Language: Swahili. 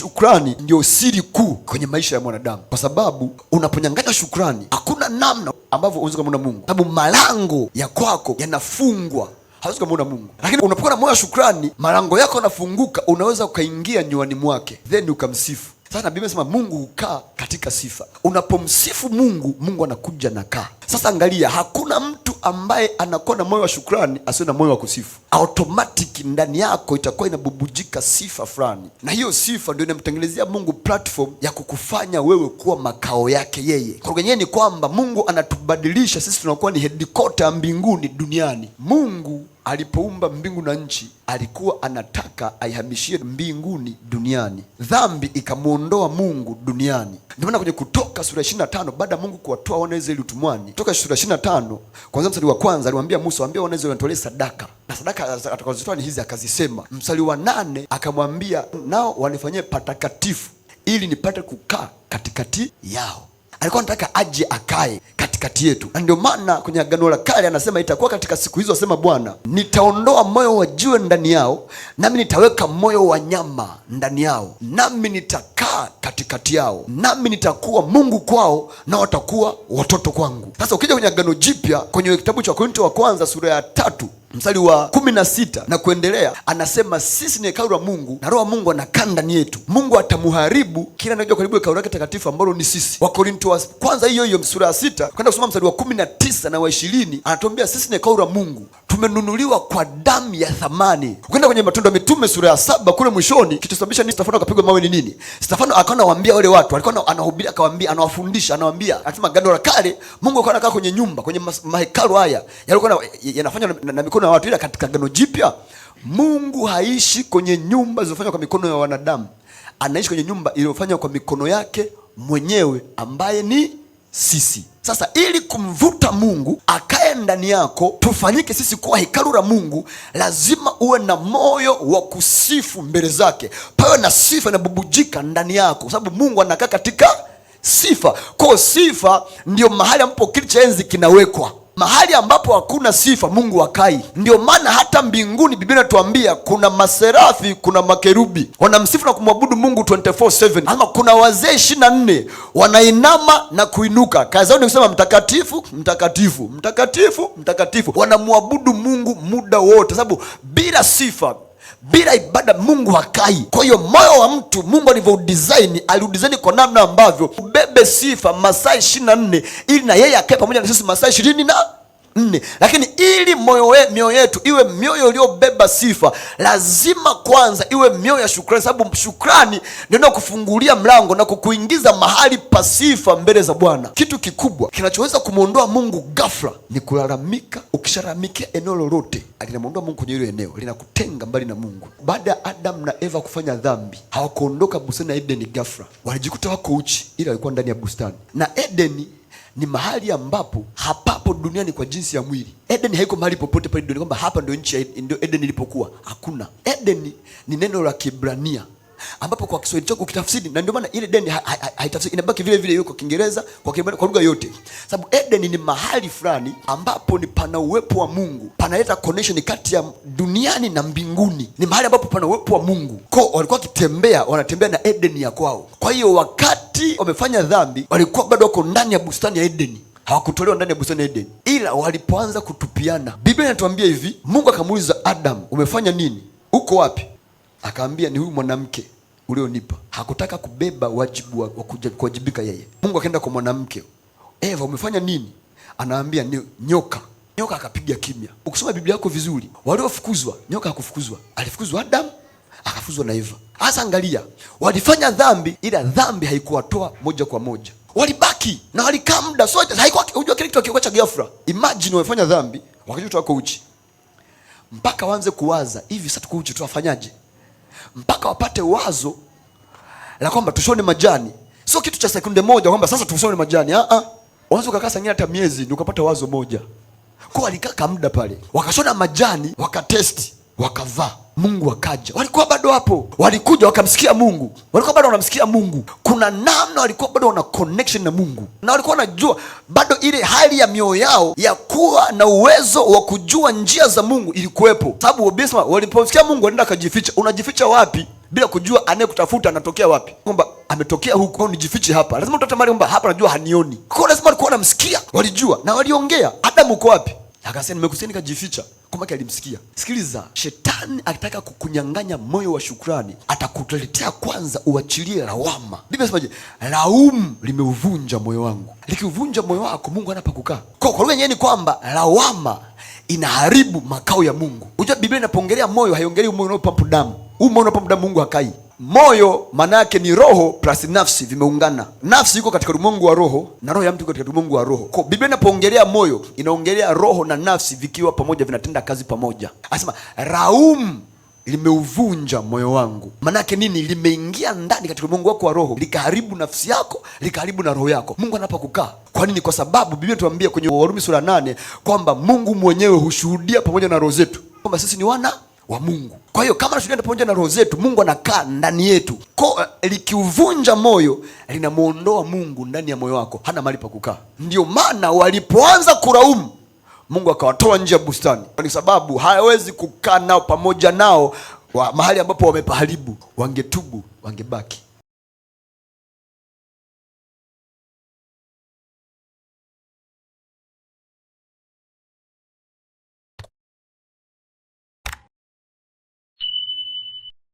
shukrani ndio siri kuu kwenye maisha ya mwanadamu, kwa sababu unaponyang'anya shukrani, hakuna namna ambavyo unaweza kumwona Mungu, sababu malango ya kwako yanafungwa hauwezi kumwona Mungu. Lakini unapokuwa na moyo wa shukrani, malango yako yanafunguka, unaweza ukaingia nywani mwake, then ukamsifu. Sasa Biblia inasema Mungu hukaa katika sifa. Unapomsifu Mungu, Mungu anakuja na kaa. Sasa angalia, hakuna mtu ambaye anakuwa na moyo wa shukrani asiwe na moyo wa kusifu. Automatic ndani yako itakuwa inabubujika sifa fulani, na hiyo sifa ndio inamtengenezea Mungu platform ya kukufanya wewe kuwa makao yake yeye. Kwa kwenyewe ni kwamba Mungu anatubadilisha sisi, tunakuwa ni headquarter ya mbinguni duniani. Mungu alipoumba mbingu na nchi alikuwa anataka aihamishie mbinguni duniani. Dhambi ikamwondoa Mungu duniani. Ndio maana kwenye Kutoka sura ishirini na tano baada ya Mungu kuwatoa wana Israeli utumwani, Kutoka sura ishirini na tano kwanza mstari wa kwanza aliwaambia Musa, waambia wana Israeli wanitolee sadaka na sadaka atakazotoa ni hizi akazisema. Mstari wa nane akamwambia nao wanifanyie patakatifu ili nipate kukaa katikati yao. Alikuwa anataka aje akae katikati yetu, na ndio maana kwenye Agano la Kale anasema itakuwa katika siku hizo, asema Bwana, nitaondoa moyo wa jiwe ndani yao, nami nitaweka moyo wa nyama ndani yao, nami nitakaa katikati yao, nami nitakuwa Mungu kwao na watakuwa watoto kwangu. Sasa ukija kwenye Agano Jipya, kwenye kitabu cha korinto wa kwanza sura ya tatu mstari wa kumi na sita na kuendelea, anasema sisi ni hekalu la Mungu na roho wa Mungu anakaa ndani yetu. Mungu atamuharibu kila anakuja karibu hekalu lake takatifu ambalo ni sisi. Wakorinto wa kwanza hiyo hiyo sura ya sita kwenda kusoma mstari wa kumi na tisa na wa ishirini anatuambia sisi ni hekalu la Mungu tumenunuliwa kwa damu ya thamani. Ukienda kwenye Matendo ya Mitume sura ya saba kule mwishoni, kitusababisha nini Stefano akapigwa mawe ni nini? Stefano akawa anawaambia wale watu, alikuwa anahubiri, akawaambia, anawafundisha, anawaambia, anasema gano la kale Mungu alikuwa anakaa kwenye nyumba, kwenye mahekalu haya yalikuwa yanafanywa na, na, na mikono ya watu, ila katika gano jipya Mungu haishi kwenye nyumba zilizofanywa kwa mikono ya wanadamu, anaishi kwenye nyumba iliyofanywa kwa mikono yake mwenyewe ambaye ni sisi. Sasa ili kumvuta Mungu akae ndani yako, tufanyike sisi kuwa hekalu la Mungu, lazima uwe na moyo wa kusifu mbele zake, pawe na sifa inabubujika ndani yako, kwa sababu Mungu anakaa katika sifa. Kwa sifa ndio mahali ambapo kiti cha enzi kinawekwa mahali ambapo hakuna sifa Mungu hakai. Ndio maana hata mbinguni Biblia inatuambia kuna maserafi, kuna makerubi wanamsifu na kumwabudu Mungu 24/7. Ama kuna wazee ishirini nne wanainama na kuinuka, kazi ni kusema mtakatifu, mtakatifu, mtakatifu, mtakatifu. Wanamwabudu Mungu muda wote, sababu bila sifa bila ibada Mungu hakai. Kwa hiyo moyo wa mtu Mungu alivyoudisaini, aliudisaini kwa namna ambavyo ubebe sifa masaa ishirini na nne ili na yeye akae pamoja na sisi masaa ishirini na nne. Lakini ili mioyo yetu iwe mioyo iliyobeba sifa, lazima kwanza iwe mioyo ya shukrani, sababu shukrani ndio inakufungulia mlango na kukuingiza mahali pa sifa mbele za Bwana. Kitu kikubwa kinachoweza kumwondoa Mungu ghafla ni kulalamika. Ukisharamikia eneo lolote, alinamwondoa Mungu kwenye hilo eneo, linakutenga mbali na Mungu. Baada ya Adamu na Eva kufanya dhambi, hawakuondoka bustani ya Edeni ghafla, walijikuta wako uchi, ila walikuwa ndani ya bustani na Edeni ni mahali ambapo hapapo duniani kwa jinsi ya mwili. Eden haiko mahali popote pale duniani kwamba hapa ndio nchi ndio Eden ilipokuwa. Hakuna. Eden ni neno la Kibrania ambapo kwa Kiswahili chako ukitafsiri, na ndio maana ile Eden haitafsiri, inabaki vile vile yuko Kiingereza, kwa Kiingereza, kwa lugha yote, sababu Eden ni mahali fulani ambapo ni pana uwepo wa Mungu, panaleta connection kati ya duniani na mbinguni. Ni mahali ambapo pana uwepo wa Mungu, kwa walikuwa wakitembea, wanatembea na Eden ya kwao. Kwa hiyo wakati wakati wamefanya dhambi walikuwa bado wako ndani ya bustani ya Edeni, hawakutolewa ndani ya bustani ya Edeni, ila walipoanza kutupiana, Biblia inatuambia hivi, Mungu akamuuliza Adam, umefanya nini? Uko wapi? Akaambia, ni huyu mwanamke ulionipa. Hakutaka kubeba wajibu wa kuwajibika yeye. Mungu akaenda kwa mwanamke, Eva, umefanya nini? Anaambia, ni nyoka. Nyoka akapiga kimya. Ukisoma Biblia yako vizuri, waliofukuzwa nyoka hakufukuzwa, alifukuzwa Adam akafuzwa na Eva. Hasa angalia, walifanya dhambi, ila dhambi haikuwatoa moja kwa moja, walibaki na walikaa muda so, haikuwa unajua kile kitu kiko cha ghafla. Imagine wamefanya dhambi wakati wako uchi, mpaka waanze kuwaza hivi, sasa tuko uchi tuwafanyaje? Mpaka wapate wazo la kwamba tushone majani. Sio kitu cha sekunde moja kwamba sasa tushone majani, a ah, a, ah. waanze kukaa sangine hata miezi ndio ukapata wazo moja. Kwa walikaa muda pale, wakashona majani, wakatesti wakavaa Mungu akaja, walikuwa bado hapo, walikuja wakamsikia Mungu, walikuwa bado wanamsikia Mungu. Kuna namna walikuwa bado wana connection na Mungu, na walikuwa wanajua bado ile hali ya mioyo yao ya kuwa na uwezo wa kujua njia za Mungu ilikuwepo, sababu bisma walipomsikia Mungu walienda akajificha. Unajificha wapi bila kujua anayekutafuta anatokea wapi? Kwamba ametokea huko, nijifiche hapa, lazima utate kwamba hapa najua hanioni. Kwa lazima walikuwa wanamsikia, walijua na waliongea. Adamu uko wapi? Akasema nimekusikia nikajificha, kumbe alimsikia. Sikiliza, shetani akitaka kukunyang'anya moyo wa shukrani, atakutoletea kwanza uachilie lawama. Biblia inasemaje? Laumu limeuvunja moyo wangu. Likiuvunja moyo wako, Mungu hana pa kukaa. Kwa lugha nyingine ni kwamba lawama inaharibu makao ya Mungu. Unajua Biblia inapongelea moyo, haiongelei moyo unaopampu damu. Huu moyo unaopampu damu Mungu hakai moyo maana yake ni roho plus nafsi, vimeungana. Nafsi iko katika ulimwengu wa roho na roho ya mtu iko katika ulimwengu wa roho. Kwa Biblia inapoongelea moyo, inaongelea roho na nafsi vikiwa pamoja, vinatenda kazi pamoja. Anasema raum limeuvunja moyo wangu. yake nini? Limeingia ndani katika ulimwengu wako wa roho, likaharibu nafsi yako, likaharibu na roho yako. Mungu anapa kukaa. Kwa nini? Kwa sababu Biblia inatuambia kwenye Warumi sura nane kwamba Mungu mwenyewe hushuhudia pamoja na roho zetu kwamba sisi ni wana wa Mungu. Kwa hiyo kama tunaenda pamoja na roho zetu, Mungu anakaa ndani yetu. Ko eh, likiuvunja moyo, linamwondoa Mungu ndani ya moyo wako, hana mahali pa kukaa. Ndio maana walipoanza kulaumu Mungu akawatoa nje ya bustani, kwa sababu hawezi kukaa nao pamoja nao wa mahali ambapo wamepaharibu. Wangetubu wangebaki